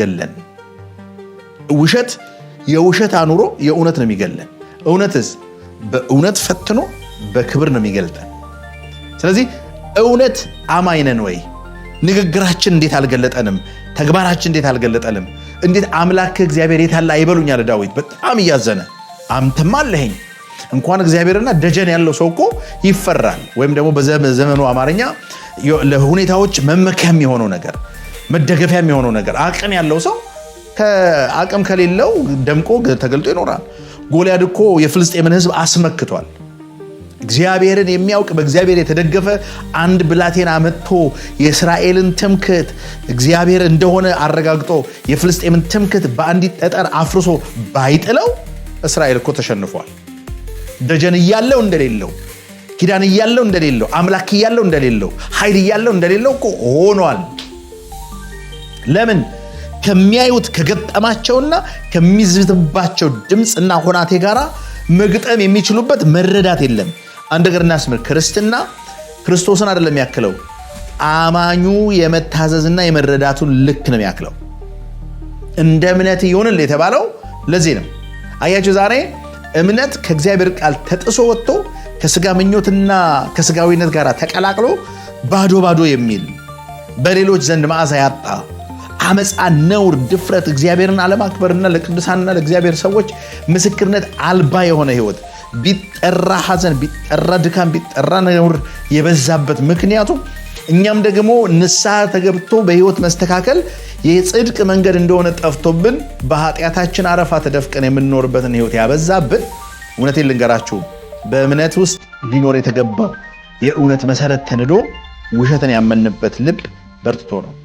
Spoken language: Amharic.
ገለን። ውሸት የውሸት አኑሮ የእውነት ነው የሚገለን። እውነትስ በእውነት ፈትኖ በክብር ነው የሚገልጠን። ስለዚህ እውነት አማይነን ወይ? ንግግራችን እንዴት አልገለጠንም? ተግባራችን እንዴት አልገለጠንም? እንዴት አምላክ እግዚአብሔር የታለ አይበሉኛል? ዳዊት በጣም እያዘነ አምተማ አለኸኝ እንኳን እግዚአብሔርና ደጀን ያለው ሰው እኮ ይፈራል። ወይም ደግሞ በዘመኑ አማርኛ ለሁኔታዎች መመኪያ የሚሆነው ነገር መደገፊያ የሚሆነው ነገር አቅም ያለው ሰው አቅም ከሌለው ደምቆ ተገልጦ ይኖራል። ጎልያድ እኮ የፍልስጤምን ሕዝብ አስመክቷል። እግዚአብሔርን የሚያውቅ በእግዚአብሔር የተደገፈ አንድ ብላቴና መጥቶ የእስራኤልን ትምክት እግዚአብሔር እንደሆነ አረጋግጦ የፍልስጤምን ትምክት በአንዲት ጠጠር አፍርሶ ባይጥለው እስራኤል እኮ ተሸንፏል። ደጀን እያለው እንደሌለው ኪዳን እያለው እንደሌለው አምላክ እያለው እንደሌለው ኃይል እያለው እንደሌለው እኮ ሆኗል። ለምን ከሚያዩት ከገጠማቸውና ከሚዝትባቸው ድምፅና ሆናቴ ጋር መግጠም የሚችሉበት መረዳት የለም። አንድ ነገር እናስምር። ክርስትና ክርስቶስን አይደለም ያክለው፣ አማኙ የመታዘዝና የመረዳቱን ልክ ነው ያክለው። እንደ እምነት ይሆንል የተባለው ለዚህ ነው። አያችሁ ዛሬ እምነት ከእግዚአብሔር ቃል ተጥሶ ወጥቶ ከስጋ ምኞትና ከስጋዊነት ጋር ተቀላቅሎ ባዶ ባዶ የሚል በሌሎች ዘንድ መዓዛ ያጣ አመፃ፣ ነውር፣ ድፍረት፣ እግዚአብሔርን አለማክበርና ለቅዱሳንና ለእግዚአብሔር ሰዎች ምስክርነት አልባ የሆነ ህይወት ቢጠራ ሐዘን ቢጠራ ድካም ቢጠራ ነውር የበዛበት ምክንያቱም እኛም ደግሞ ንስሐ ተገብቶ በህይወት መስተካከል የጽድቅ መንገድ እንደሆነ ጠፍቶብን በኃጢአታችን አረፋ ተደፍቀን የምንኖርበትን ህይወት ያበዛብን። እውነቴን ልንገራችሁ፣ በእምነት ውስጥ ሊኖር የተገባው የእውነት መሰረት ተንዶ ውሸትን ያመንበት ልብ በርትቶ ነው።